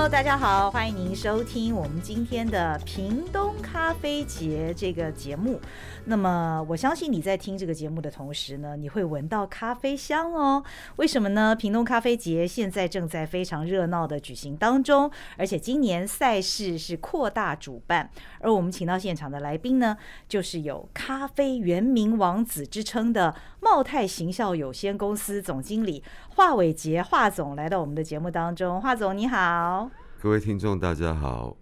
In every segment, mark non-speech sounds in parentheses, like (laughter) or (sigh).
Hello, 大家好，歡迎您收聽我們今天的屏東咖啡節這個節目。那麼，我相信你在聽這個節目的同時呢，你會聞到咖啡香哦。為什麼呢？屏東咖啡節現在正在非常熱鬧的舉行當中，而且今年賽事是擴大主辦，而我們請到現場的來賓呢，就是有“咖啡原名王子”之稱的茂泰行銷有限公司總經理華偉傑，華總來到我們的節目當中。華總，你好。各位聽眾，大家好！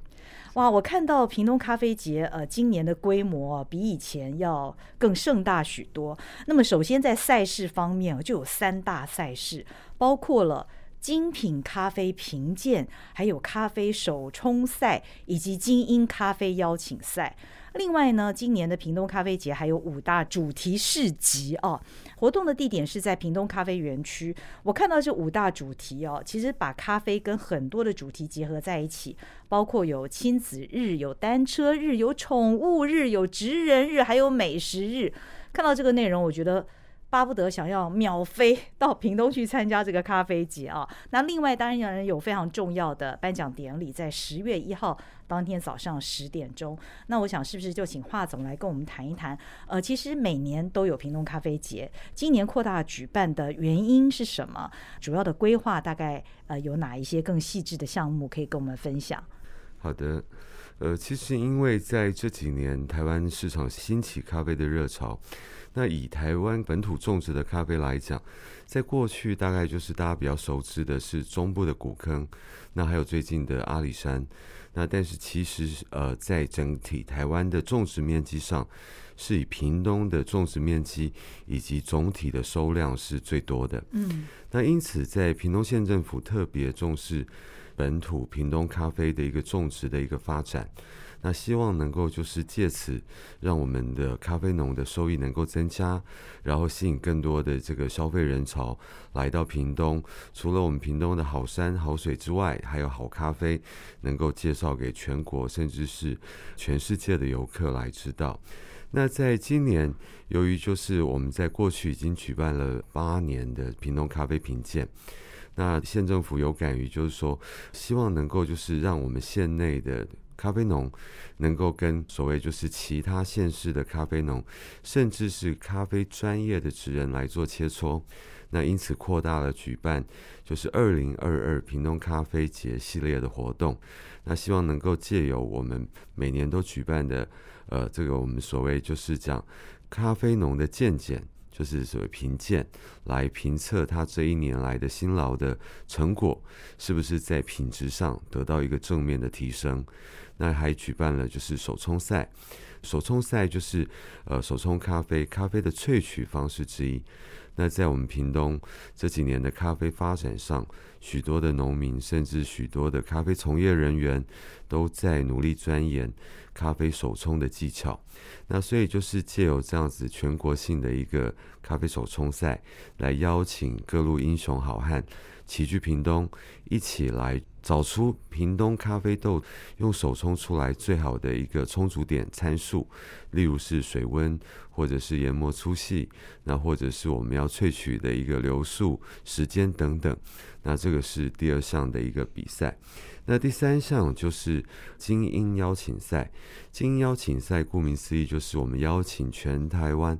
哇，我看到屏東咖啡節，呃，今年的規模啊，比以前要更盛大許多。那麼，首先在賽事方面，就有三大賽事，包括了精品咖啡評鑑，還有咖啡手沖賽，以及精英咖啡邀請賽。另外呢，今年的屏東咖啡節還有五大主題市集啊。活動的地點是在屏東咖啡園區。我看到這五大主題哦，其實把咖啡跟很多的主題結合在一起，包括有親子日、有單車日、有寵物日、有職人日，還有美食日。看到這個內容，我覺得，巴不得想要秒飛到屏東去參加這個咖啡節啊！那另外當然有非常重要的頒獎典禮，在十月一號當天早上十點鐘。那我想是不是就請華總來跟我們談一談？呃，其實每年都有屏東咖啡節，今年擴大舉辦的原因是什麼？主要的規劃大概呃有哪一些更細緻的項目可以跟我們分享？好的，呃，其實因為在這幾年台灣市場興起咖啡的熱潮。那以台灣本土種植的咖啡來講，在過去大概就是大家比較熟知的是中部的古坑，那還有最近的阿里山，那但是其實呃，在整體台灣的種植面積上，是以屏東的種植面積以及總體的收量是最多的。嗯，那因此在屏東縣政府特別重視本土屏東咖啡的一個種植的一個發展。那希望能夠就是借此讓我們的咖啡農的收益能夠增加，然後吸引更多的這個消費人潮來到屏東。除了我們屏東的好山好水之外，還有好咖啡能夠介紹給全國甚至是全世界的遊客來知道。那在今年，由於就是我們在過去已經舉辦了八年的屏東咖啡評鑑，那縣政府有感於就是說，希望能夠就是讓我們縣內的。咖啡農能夠跟所謂就是其他縣市的咖啡農，甚至是咖啡專業的職人來做切磋，那因此擴大了舉辦，就是二零二二屏東咖啡節系列的活動，那希望能夠借由我們每年都舉辦的，呃，這個我們所謂就是講咖啡農的見見。就是所謂評鑑，來評測他這一年來的辛勞的成果是不是在品質上得到一個正面的提升。那還舉辦了就是手沖賽，手沖賽就是呃手沖咖啡，咖啡的萃取方式之一。那在我們屏東這幾年的咖啡發展上，許多的農民甚至許多的咖啡從業人員都在努力鑽研咖啡手沖的技巧。那所以就是借由這樣子全國性的一個咖啡手沖賽，來邀請各路英雄好漢齊聚屏東，一起來。找出屏東咖啡豆用手沖出來最好的一個沖煮點參數，例如是水溫，或者是研磨粗細，那或者是我們要萃取的一個流速、時間等等。那這個是第二項的一個比賽。那第三項就是精英邀請賽。精英邀請賽顧名思義，就是我們邀請全台灣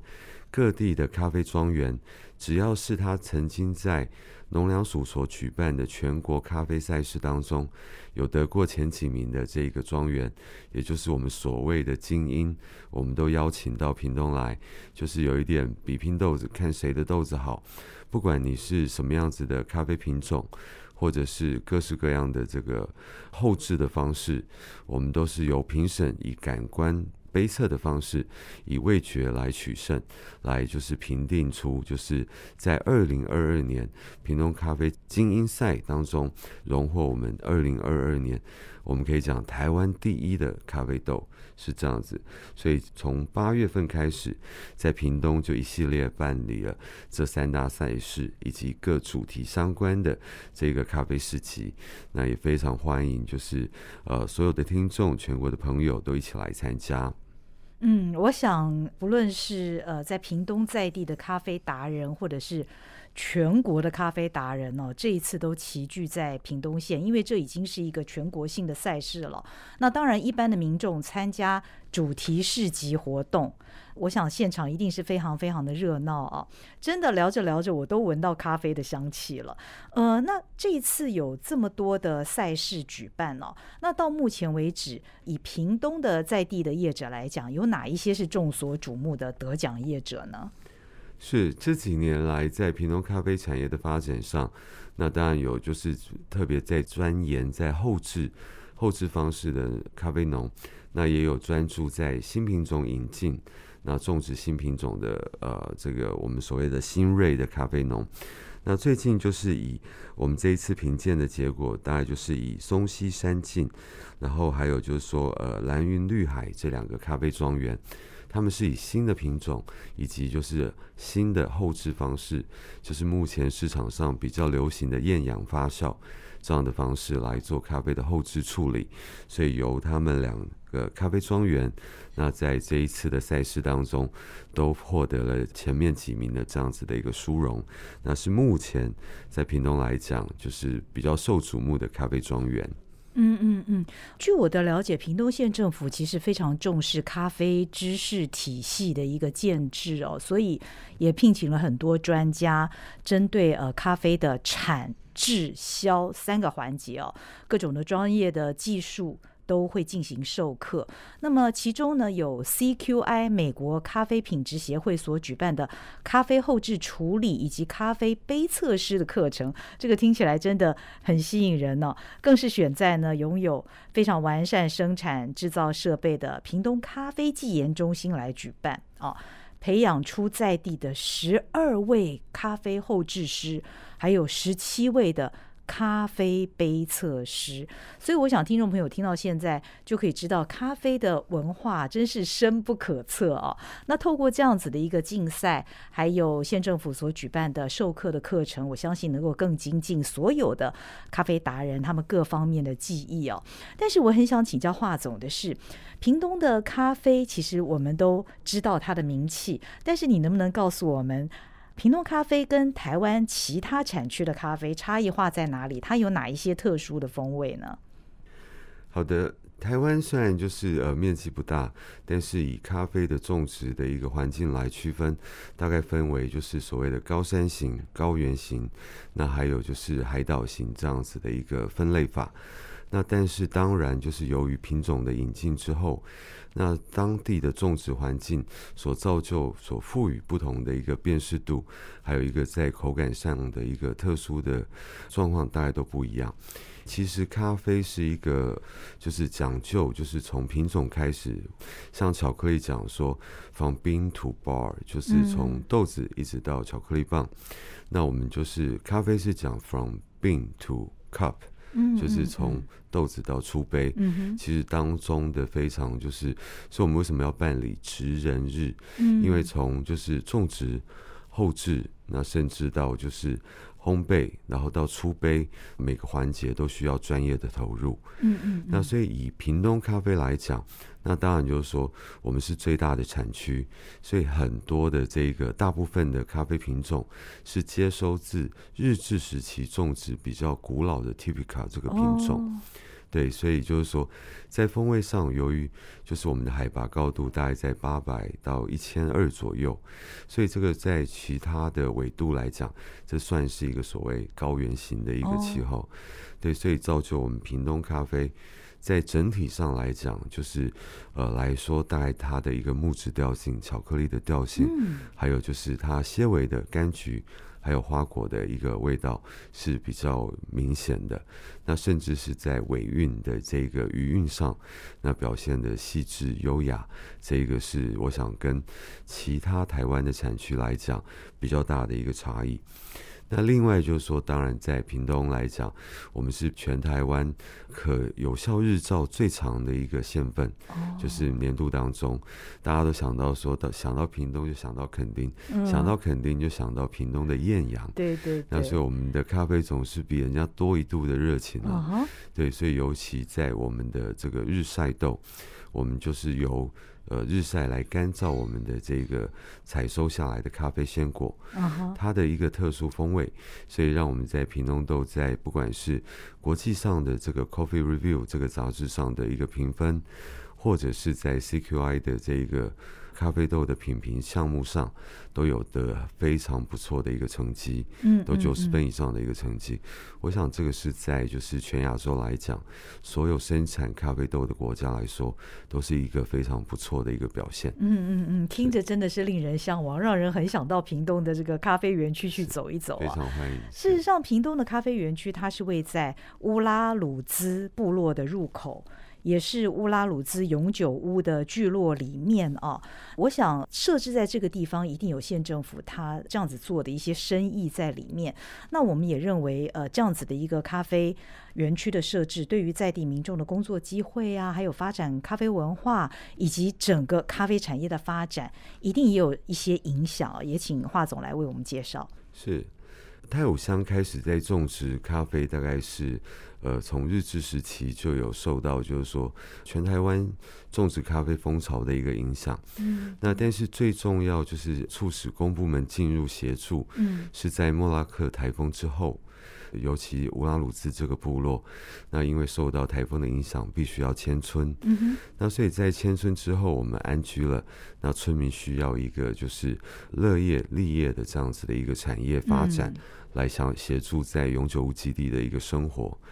各地的咖啡莊園。只要是他曾經在農糧署所舉辦的全國咖啡賽事當中有得過前幾名的這一個莊園，也就是我們所謂的精英，我們都邀請到屏東來，就是有一點比拼豆子，看誰的豆子好。不管你是什麼樣子的咖啡品種，或者是各式各樣的這個後製的方式，我們都是由評審以感官。推測的方式，以味覺來取勝，來就是評定出就是在二零二二年屏東咖啡精英賽當中榮獲我們二零二二年我們可以講台灣第一的咖啡豆是這樣子，所以從八月份開始在屏東就一系列辦理了這三大賽事以及各主題相關的這個咖啡市集，那也非常歡迎就是呃所有的聽眾全國的朋友都一起來參加。嗯，我想不，不論是呃，在屏東在地的咖啡達人，或者是，全國的咖啡達人哦，這一次都齊聚在屏東縣，因為這已經是一個全國性的賽事了。那當然，一般的民眾參加主題市集活動，我想現場一定是非常非常的熱鬧啊！真的聊着聊着，我都聞到咖啡的香氣了。呃，那這一次有這麼多的賽事舉辦呢，啊，那到目前為止，以屏東的在地的業者來講，有哪一些是眾所矚目的得獎業者呢？是這幾年來在屏東咖啡產業的發展上，那當然有就是特別在鑽研在後製、後製方式的咖啡農，那也有專注在新品種引進，那種植新品種的呃這個我們所謂的新銳的咖啡農，那最近就是以我們這一次評鑑的結果，大概就是以松溪山境，然後還有就是說呃藍雲綠海這兩個咖啡莊園。他們是以新的品種，以及就是新的後置方式，就是目前市場上比較流行的厭氧發酵這樣的方式來做咖啡的後置處理，所以由他們兩個咖啡莊園，那在這一次的賽事當中，都獲得了前面幾名的這樣子的一個殊榮，那是目前在屏東來講，就是比較受矚目的咖啡莊園。嗯嗯嗯，據我的了解，屏東縣政府其實非常重視咖啡知識體系的一個建制哦，所以也聘請了很多專家，針對呃咖啡的產、制、銷三個環節哦，各種的專業的技術。都會進行授課。那麼其中呢，有 CQI 美國咖啡品質協會所舉辦的咖啡後製處理以及咖啡杯測試的課程，這個聽起來真的很吸引人呢、哦。更是選在呢擁有非常完善生產製造設備的屏東咖啡技研中心來舉辦啊，培養出在地的十二位咖啡後製師，還有十七位的。咖啡杯測師。所以我想聽眾朋友聽到現在就可以知道，咖啡的文化真是深不可測啊、哦。那透過這樣子的一個競賽，還有縣政府所舉辦的授課的課程，我相信能夠更精進所有的咖啡達人他們各方面的技藝哦。但是我很想請教華總的是，屏東的咖啡其實我們都知道它的名氣，但是你能不能告訴我們？屏東咖啡跟台灣其他產區的咖啡差異化在哪裡？它有哪一些特殊的風味呢？好的，台灣雖然就是呃面積不大，但是以咖啡的種植的一個環境來區分，大概分為就是所謂的高山型、高原型，那還有就是海島型這樣子的一個分類法。那但是當然，就是由於品種的引進之後，那當地的種植環境所造就、所賦予不同的一個辨識度，還有一個在口感上的一個特殊的狀況，大家都不一樣。其實咖啡是一個，就是講究，就是從品種開始，像巧克力講說，from bean to bar，就是從豆子一直到巧克力棒。嗯、那我們就是咖啡是講 from bean to cup。就是從豆子到出杯，其實當中的非常就是，所以我們為什麼要辦理職人日？因為從就是種植、後製，那甚至到就是烘焙，然後到出杯，每個環節都需要專業的投入。嗯嗯，那所以以屏東咖啡來講。那當然就是說，我們是最大的產區，所以很多的這個大部分的咖啡品種是接收自日治時期種植比較古老的 Typica 這個品種，oh. 對，所以就是說，在風味上，由於就是我們的海拔高度大概在八百到一千二左右，所以這個在其他的緯度來講，這算是一個所謂高原型的一個氣候，oh. 對，所以造就我們屏東咖啡。在整體上來講，就是呃來說，大概它的一個木質調性、巧克力的調性，嗯，還有就是它纖維的柑橘，還有花果的一個味道是比較明顯的。那甚至是在尾韻的這個餘韻上，那表現的細緻優雅，這個是我想跟其他台灣的產區來講比較大的一個差異。那另外就是說，當然在屏東來講，我們是全台灣可有效日照最長的一個縣份，就是年度當中，大家都想到說，到想到屏東就想到墾丁，想到墾丁就想到屏東的豔陽，對對。那所以我們的咖啡總是比人家多一度的熱情啊！對，所以尤其在我們的這個日曬豆，我們就是由。呃，日曬來乾燥我們的這個採收下來的咖啡鮮果，它的一個特殊風味，所以讓我們在屏東豆在不管是國際上的這個 Coffee Review 這個雜誌上的一個評分，或者是在 CQI 的這個。咖啡豆的品評項目上，都有的非常不錯的一個成績，嗯，都九十分以上的一個成績。嗯嗯、我想這個是在就是全亞洲來講，嗯、所有生產咖啡豆的國家來說，都是一個非常不錯的一個表現。嗯嗯嗯，聽着真的是令人向往，對讓人很想到屏東的這個咖啡園區去走一走。啊、非常歡迎。事實上，屏東的咖啡園區它是位在烏拉魯茲部落的入口。也是烏拉魯茲永久屋的聚落裡面啊，我想設置在這個地方一定有縣政府他這樣子做的一些生意在裡面。那我們也認為，呃，這樣子的一個咖啡園區的設置，對於在地民眾的工作機會啊，還有發展咖啡文化以及整個咖啡產業的發展，一定也有一些影響啊。也請華總來為我們介紹。是。泰武鄉開始在種植咖啡，大概是呃從日治時期就有受到，就是說全台灣種植咖啡風潮的一個影響。嗯，那但是最重要就是促使公部門進入協助，嗯，是在莫拉克颱風之後。尤其吾拉魯滋這個部落，那因為受到台風的影響，必須要遷村。嗯哼。那所以在遷村之後，我們安居了。那村民需要一個就是樂業立業的這樣子的一個產業發展，來想協助在永久屋基地的一個生活。嗯。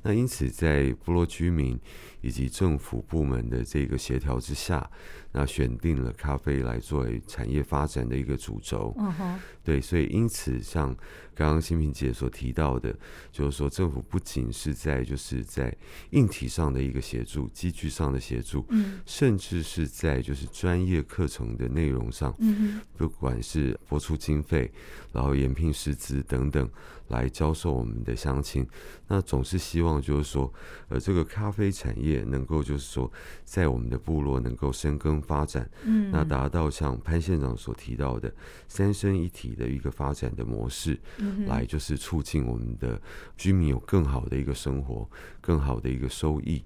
那因此，在部落居民以及政府部門的這個協調之下，那選定了咖啡來作為產業發展的一個主軸。嗯哼。對，所以因此像。剛剛新平姐所提到的，就是說政府不僅是在就是在硬體上的一個協助，機具上的協助，嗯，甚至是在就是專業課程的內容上，嗯哼，不管是撥出經費，然後延聘師資等等來教授我們的鄉親，那總是希望就是說，呃，這個咖啡產業能夠就是說在我們的部落能夠深耕發展，嗯，那達到像潘縣長所提到的三生一體的一個發展的模式。來就是促進我們的居民有更好的一個生活，更好的一個收益。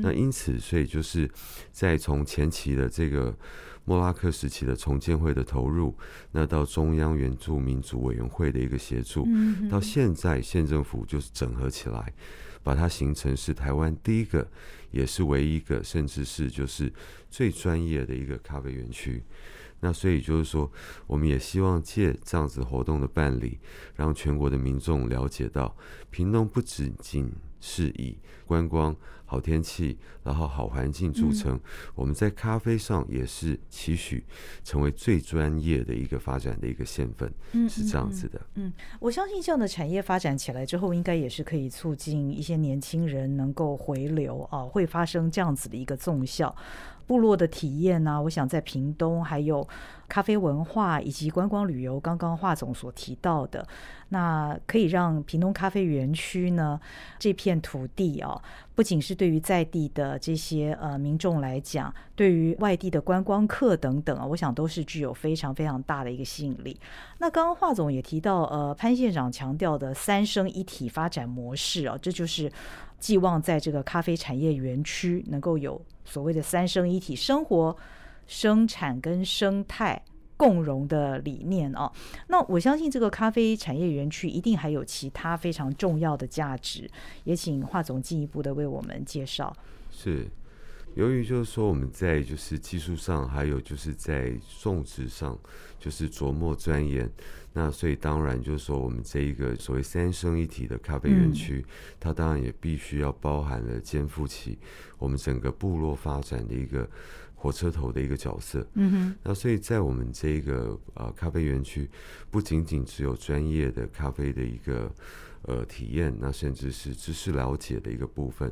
那因此，所以就是在從前期的這個莫拉克時期的重建會的投入，那到中央原住民族委員會的一個協助，到現在縣政府就是整合起來，把它形成是台灣第一個，也是唯一一個，甚至是就是最專業的一個咖啡園區。那所以就是說，我們也希望借這樣子活動的辦理，讓全國的民眾了解到，屏東不僅僅是以觀光。好天氣，然後好環境組成，嗯、我們在咖啡上也是期許成為最專業的一個發展的一個縣份、嗯、是這樣子的。嗯，我相信這樣的產業發展起來之後，應該也是可以促進一些年輕人能夠回流啊，會發生這樣子的一個綜效。部落的體驗呢、啊，我想在屏東還有咖啡文化以及觀光旅遊，剛剛華總所提到的，那可以讓屏東咖啡園區呢這片土地啊。不僅是對於在地的這些呃民眾來講，對於外地的觀光客等等啊，我想都是具有非常非常大的一個吸引力。那剛剛華總也提到，呃，潘縣長強調的三生一體發展模式啊，這就是寄望在這個咖啡產業園區能夠有所謂的三生一體生活、生產跟生態。共榮的理念哦，那我相信這個咖啡產業園區一定還有其他非常重要的價值，也請華總進一步的為我們介紹。是，由於就是說我們在就是技術上，還有就是在種植上就是琢磨鑽研，那所以當然就是說我們這一個所謂三生一體的咖啡園區，嗯、它當然也必須要包含了肩負起我們整個部落發展的一個。火車頭的一個角色，嗯哼，那所以在我們這一個呃咖啡園區，不僅僅只有專業的咖啡的一個呃體驗，那甚至是知識了解的一個部分，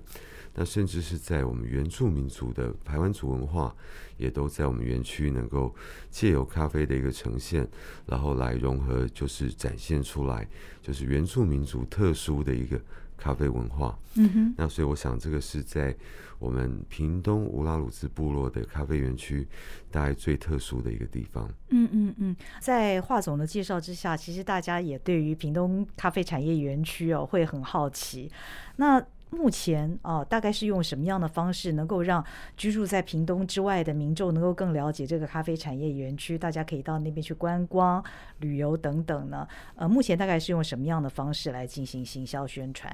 那甚至是在我們原住民族的排灣族文化，也都在我們園區能夠借由咖啡的一個呈現，然後來融合，就是展現出來，就是原住民族特殊的一個。咖啡文化，嗯哼，那所以我想，這個是在我們屏東烏拉魯茲部落的咖啡園區，大概最特殊的一個地方。嗯嗯嗯，在華總的介紹之下，其實大家也對於屏東咖啡產業園區哦會很好奇。那目前啊，哦，大概是用什麼樣的方式能夠讓居住在屏東之外的民眾能夠更了解這個咖啡產業園區？大家可以到那邊去觀光、旅遊等等呢？呃，目前大概是用什麼樣的方式來進行行銷宣傳？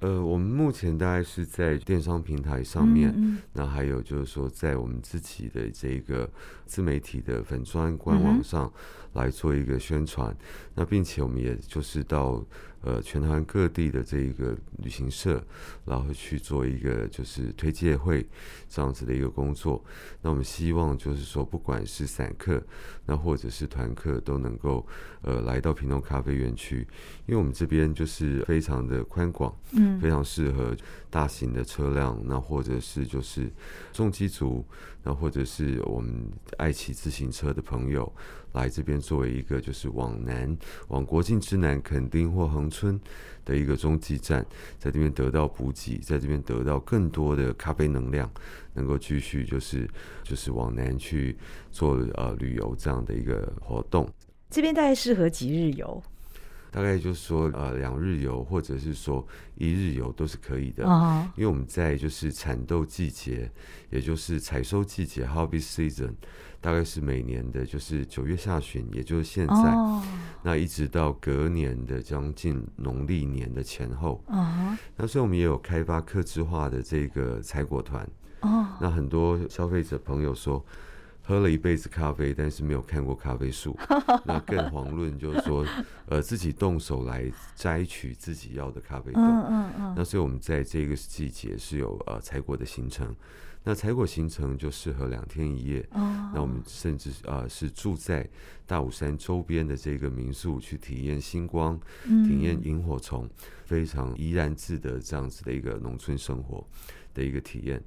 呃，我們目前大概是在電商平台上面，嗯嗯，那還有就是說在我們自己的這個自媒體的粉專官網上。嗯來做一個宣傳，那並且我們也就是到呃全台各地的這一個旅行社，然後去做一個就是推介會這樣子的一個工作。那我們希望就是說，不管是散客，那或者是團客，都能夠呃來到屏東咖啡園區，因為我們這邊就是非常的寬廣，嗯，非常適合大型的車輛，那或者是就是重機組，那或者是我們愛騎自行車的朋友。來這邊作為一個就是往南、往國境之南，墾丁或恆春的一個中繼站，在這邊得到補給，在這邊得到更多的咖啡能量，能夠繼續就是就是往南去做呃旅遊這樣的一個活動。這邊大概適合幾日遊？大概就是說，呃，兩日遊或者是說一日遊都是可以的，uh huh. 因為我們在就是產豆季節，也就是採收季節 h o b b e s season），大概是每年的，就是九月下旬，也就是現在，uh huh. 那一直到隔年的將近農曆年的前後。Uh huh. 那所以我們也有開發客制化的這個採果團。Uh huh. 那很多消費者朋友說，喝了一輩子咖啡，但是沒有看過咖啡樹， (laughs) 那更遑論就是說，呃，自己動手來摘取自己要的咖啡豆。嗯嗯 (laughs) 那所以我們在這個季節是有呃採果的行程。那採果行程就適合兩天一夜。 (laughs) 那我們甚至是，呃，是住在大武山周邊的這個民宿，去體驗星光，體驗螢火蟲， (laughs) 非常怡然自得這樣子的一個農村生活的一個體驗。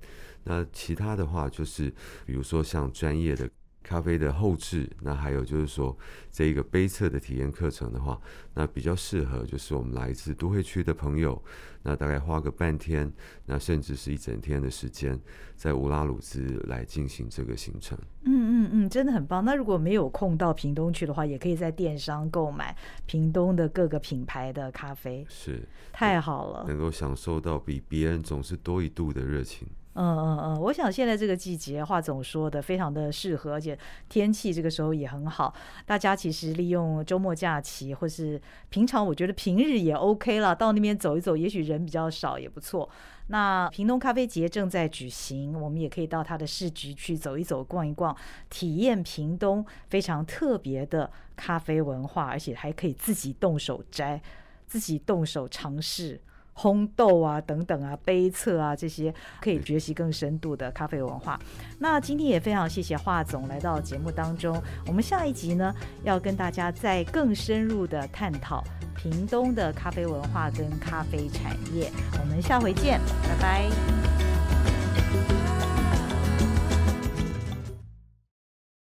那其他的話就是，比如說像專業的咖啡的後製。那還有就是說這一個杯測的體驗課程的話，那比較適合就是我們來自都會區的朋友，那大概花個半天，那甚至是一整天的時間，在烏拉魯茲來進行這個行程。嗯嗯嗯，真的很棒。那如果沒有空到屏東去的話，也可以在電商購買屏東的各個品牌的咖啡。是，太好了，能夠享受到比別人總是多一度的熱情。嗯嗯嗯，我想現在這個季節華總說的非常的適合，而且天氣這個時候也很好。大家其實利用周末假期，或是平常，我覺得平日也 OK 了。到那邊走一走，也許人比較少也不錯。那屏東咖啡節正在舉行，我們也可以到它的市集去走一走、逛一逛，體驗屏東非常特別的咖啡文化，而且還可以自己動手摘，自己動手嘗試。烘豆啊，等等啊，杯測啊，這些可以學習更深度的咖啡文化。那今天也非常謝謝華總來到節目當中。我們下一集呢，要跟大家再更深入的探討屏東的咖啡文化跟咖啡產業。我們下回見，拜拜。